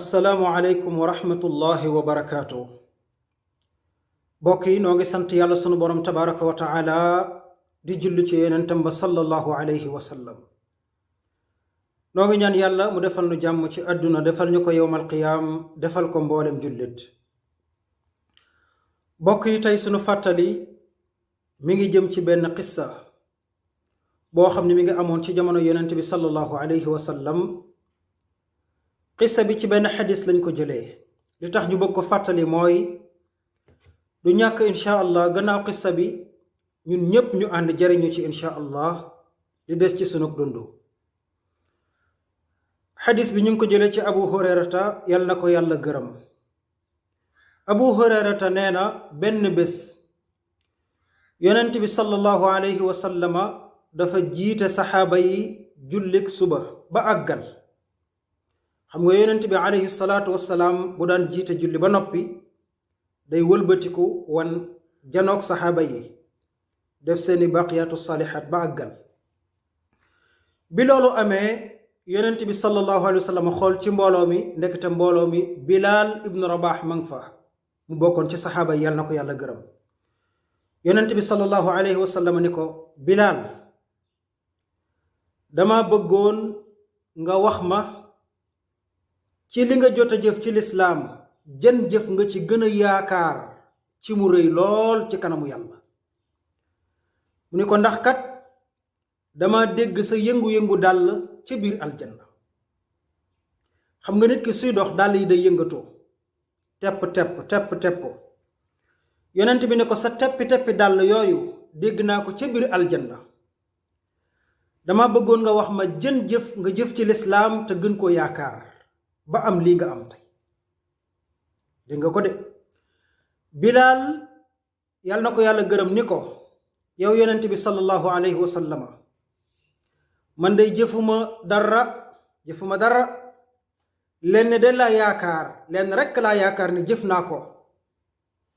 assalaamu aleykum wa rahmatullahi wa barakaatu bokk yi noo ngi sant yàlla sunu borom tabaraka wa taala di julli ci yenentam ba sallallahu alayhi wa sallam noo ngi ñaan yàlla mu defal nu jàmm ci àdduna defal ñu ko yowmal qiyaam defal ko mboolem jullit bokk yi tey sunu fàttali mi ngi jëm ci benn qissa boo xam ni mi ngi amoon ci jamono yonent bi sallallahu alayhi wa sallam xissa bi ci benn xadis lañ ko jëlee li tax ñu bëgg ko fàttali mooy du ñàkk incha allah gannaaw xissa bi ñun ñépp ñu ànd jariñu ci incha allah li des ci sunug dund xadis bi ñu ngi ko jëlee ci abu hurayrata yal na ko yàlla gërëm abu hurayrata nee na benn bés yonent bi sallallahu alayhi wa dafa jiite saxaaba yi jullik suba ba àggal xam nga yonent bi alayhi salaatu wassalaam bu daan jiite julli ba noppi day wëlbatiku wan janook saxaaba yi def seeni baqiyaatu saalihaat ba àggal bi loolu amee yonent bi sallallahu alayhi wa xool ci mbooloo mi ndekete mbooloo mi bilaal ibnu rabax mang fa mu bokkoon ci saxaaba yi yàlla na ko yàlla gërëm yonent bi sallallahu alayhi wa sallam ni ko bilaal dama bëggoon nga wax ma ci li nga jot a jëf ci lislaam jën jëf nga ci gën a yaakaar ci mu rëy lool ci kanamu yàlla mu ni ko ndax kat dama dégg sa yëngu-yëngu dàll ci biir aljanna xam nga nit ki suy dox dàll yi day yëngatoo tepp tepp tepp tepp yonent bi ne ko sa teppi teppi dàll yooyu dégg naa ko ca biir aljanna dama bëggoon nga wax ma jën jëf nga jëf ci lislaam te gën koo yaakaar ba am lii nga am tey nga ko de bilaal yàlla na ko yàlla gërëm ni ko yow yonent bi sallallahu alayhi wa man day jëfuma dara jëfuma dara lenn de la yaakaar lenn rekk laa yaakaar ne jëf naa ko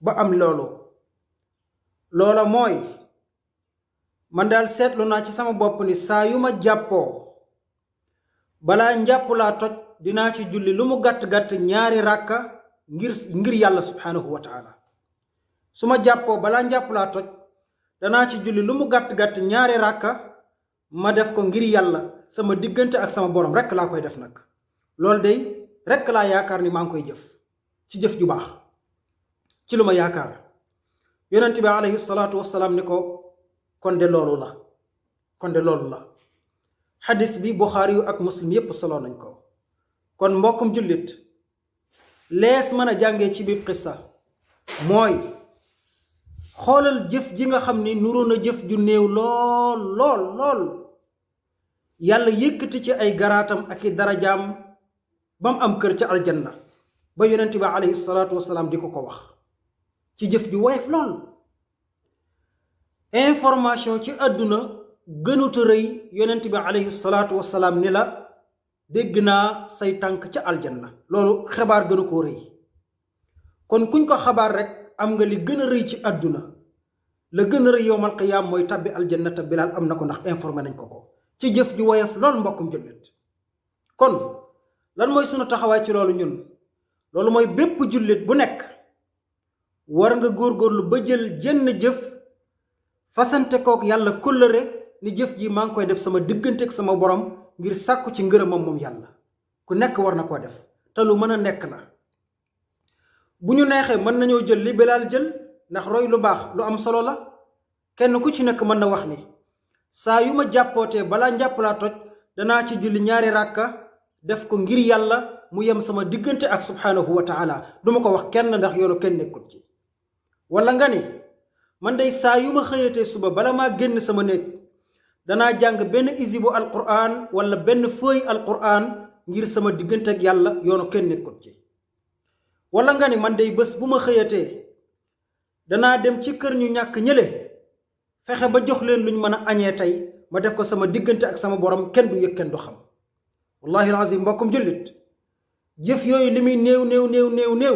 ba am loolu loola mooy man daal seetlu naa ci sama bopp ni saa yu ma jàppoo balaa njàpp toj dinaa ci julli lu mu gàtt-gàtt ñaari ràkka ngir ngir yàlla subhaanahu wa taala su ma jàppoo balaa njàpp laa toj danaa ci julli lu mu gàtt-gàtt ñaari ràkka ma def ko ngir yàlla sama diggante ak sama borom rekk laa koy def nag loolu day rekk laa yaakaar ni maa ngi koy jëf ci jëf ju baax ci lu ma yaakaar yonent bi alayhi salaatu wasalaam ni ko kon de loolu la kon de loolu la xadis bi buxaari yu ak muslim yépp solo nañ ko kon mbokkum jullit lees mën a jànge ci biir xissa mooy xoolal jëf ji nga xam ni nuroo na jëf ju néew lool lool lool yàlla yëkkati ci ay garaatam ak i dara ba mu am kër ca aljanna ba yonent bi alayhi salaatu wasalaam di ko ko wax ci jëf ju woyof lool information ci àdduna gënuta rëy yonent bi alayhi salaatu wasalaam ni la dégg naa say tànk ca aljanna loolu xabaar gënu koo rëy kon kuñ ko xabaar rek am nga li gën a rëy ci àdduna la gën a rëy yowmal qiyaam mooy tabbi aljanna te bilaal am na ko ndax informé nañ ko ko ci jëf ju woyof loolu mbokkum jullit kon lan mooy sunu taxawaay ci loolu ñun loolu mooy bépp jullit bu nekk war nga góor góorlu ba jël jenn jëf fasante kook yàlla kóllëre ni jëf ji maa ngi koy def sama diggante ak sama borom ngir sakku ci ngërëmam mom yalla ku nek war na koo def te lu meuna nek nekk la bu ñu neexee jël li bilal jël roy lu bax lu am solo la kenn ku ci nek mën na wax ni sa yuma ma bala japp la toj dana ci julli ñaari rakka def ko ngir yalla mu yam sama digënté ak subhanahu wa taala duma ko wax kenn ndax yoro kenn nekut ci wala nga ni man day sa yuma ma suba bala ma genn sama nek danaa jàng benn isibu alquran wala benn feuille alquran ngir sama diggante ak yàlla yoonu kenn nekkut ci walla nga ni man day bés bu ma xëyatee danaa dem ci kër ñu ñàkk ñële fexe ba jox leen luñ mën a añee tey ma def ko sama diggante ak sama borom kenn du yëg kenn du xam wallahi alazim mbokkum jullit jëf yooyu li muy néew néew néew néew néew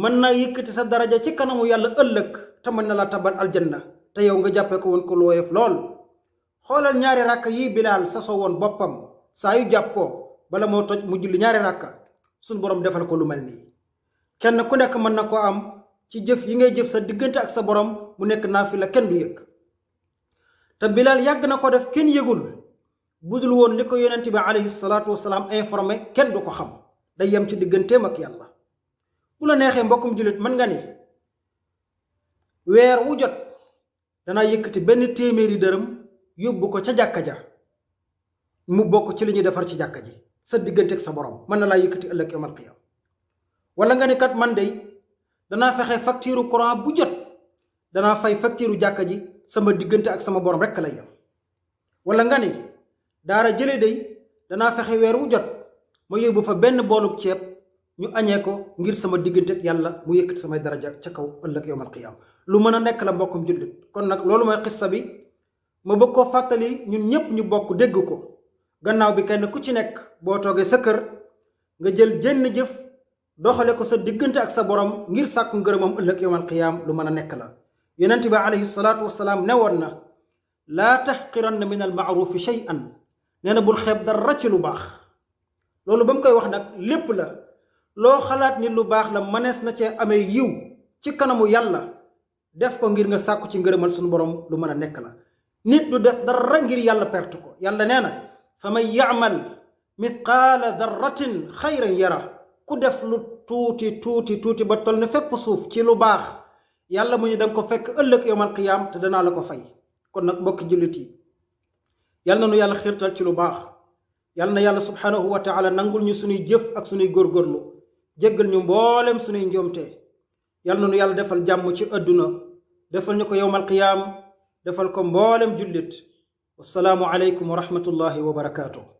mën naa yëkkati sa daraja ci kanamu yàlla ëllëg te mën na laa tabal aljanna te yow nga jàppee ko woon ko lu lool xolal ñaari rakka yi bilal saso won bopam sa yu ko bala mo toj mu julli ñaari rakka sun borom defal ko lu melni kenn ku nek man nako am ci jëf yi ngay jëf sa digënté ak sa borom mu nek nafila kenn du yek ta bilal yag na ko def kenn yegul budul won liko yonnati bi alayhi salatu wassalam informé kenn du ko xam day yam ci digënté mak yalla bu la nexé mbokum julit man nga ni wër wu jot dana yëkëti ben téméri dërëm yobbu ko ca jakka ja mu bokk ci liñu defar ci jakka ji sa digënté ak sa borom man la yëkëti ëlëk ëllëg qiyam wala nga ne kat man day danaa fexé facture courant bu jot danaa fay facture jakka ji sama digënté ak sama borom rek la yam wala nga ne daara jëlé day danaa fexé wër wu jot ma yobbu fa benn bolup ceeb ñu ko ngir sama digënté ak yalla mu yëkëti sama daraja ca kaw ëlëk yowmal qiyaam lu mëna nek la mbokkum jullit kon nak lolu moy xissa bi ma bëgg koo fàttali ñun ñépp ñu bokk dégg ko gannaaw bi kenn ku ci nekk boo toogee sa kër nga jël jenn jëf doxale ko sa diggante ak sa borom ngir sàkku ngërëmam ëllëg yowmal qiyaam lu mën a nekk la yonent bi alayhi salaatu wasalaam ne woon na laa tax taxqiranna min al maarufi shay'an nee na bul xeeb dara ci lu baax loolu ba mu koy wax nag lépp la loo xalaat ni lu baax la mënees na cee amee yiw ci kanamu yàlla def ko ngir nga sàkku ci ngërëmal suñu borom lu mën a nekk la nit du def dara ngir yàlla perte ko yàlla nee na fa man yaamal mithqaala darratin xayran yara ku def lu tuuti tuuti tuuti ba toll ne fépp suuf ci lu baax yàlla mu ñu danga ko fekk ëllëg yowmal qiyaam te danaa la ko fay kon nag mbokki jullit yi yàlla na nu yàlla xiirtal ci lu baax yàlla na yàlla subhaanahu wa taala nangul ñu suñuy jëf ak suñuy góorgóorlu jéggal ñu mboolem suñuy njoomte yàlla na nu yàlla defal jàmm ci àdduna defal ñu ko yowmal دفالكم بولم جلد والسلام عليكم ورحمة الله وبركاته